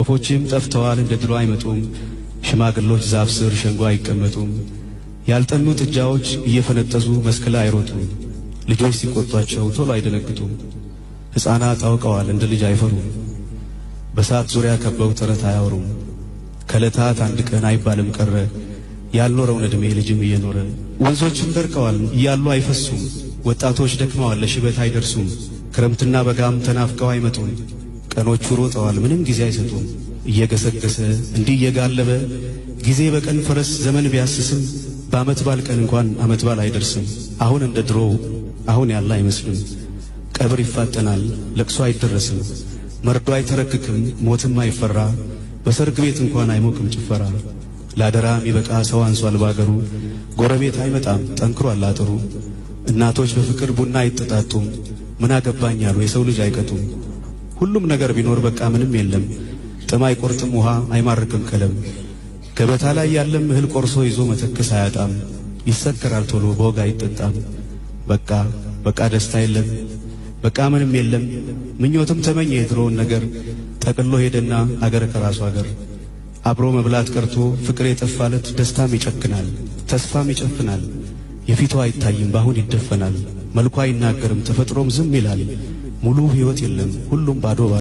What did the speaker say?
ወፎችም ጠፍተዋል፣ እንደ ድሮ አይመጡም። ሽማግሎች ዛፍ ስር ሸንጎ አይቀመጡም። ያልጠኑ ጥጃዎች እየፈነጠዙ መስክ ላይ አይሮጡም። ልጆች ሲቆጧቸው ቶሎ አይደነግጡም። ሕፃናት አውቀዋል፣ እንደ ልጅ አይፈሩም። በሳት ዙሪያ ከበው ተረት አያወሩም። ከለታት አንድ ቀን አይባልም ቀረ ያልኖረውን ዕድሜ ልጅም እየኖረ ወንዞችም ደርቀዋል፣ እያሉ አይፈሱም። ወጣቶች ደክመዋል፣ ለሽበት አይደርሱም። ክረምትና በጋም ተናፍቀው አይመጡም። ቀኖቹ ሮጠዋል፣ ምንም ጊዜ አይሰጡም። እየገሰገሰ እንዲህ እየጋለበ ጊዜ በቀን ፈረስ ዘመን ቢያስስም በዓመት ባል ቀን እንኳን ዓመት ባል አይደርስም። አሁን እንደ ድሮው አሁን ያለ አይመስልም። ቀብር ይፋጠናል፣ ለቅሶ አይደረስም፣ መርዶ አይተረክክም፣ ሞትም አይፈራ፣ በሰርግ ቤት እንኳን አይሞቅም ጭፈራ። ላደራ የሚበቃ ሰው አንሷል ባገሩ፣ ጎረቤት አይመጣም ጠንክሮ አላጥሩ። እናቶች በፍቅር ቡና አይጠጣጡም፣ ምን አገባኛሉ የሰው ልጅ አይቀጡም። ሁሉም ነገር ቢኖር በቃ ምንም የለም። ጥም አይቆርጥም፣ ውሃ አይማርክም ከለም። ገበታ ላይ ያለም እህል ቆርሶ ይዞ መተክስ አያጣም። ይሰከራል ቶሎ በወግ አይጠጣም። በቃ በቃ ደስታ የለም፣ በቃ ምንም የለም። ምኞትም ተመኘ የድሮውን ነገር ጠቅሎ ሄደና አገር ከራሱ አገር አብሮ መብላት ቀርቶ ፍቅር የጠፋለት ደስታም ይጨክናል፣ ተስፋም ይጨፍናል። የፊቷ አይታይም፣ በአሁን ይደፈናል። መልኳ አይናገርም፣ ተፈጥሮም ዝም ይላል። ሙሉ ህይወት የለም። ሁሉም ባዶ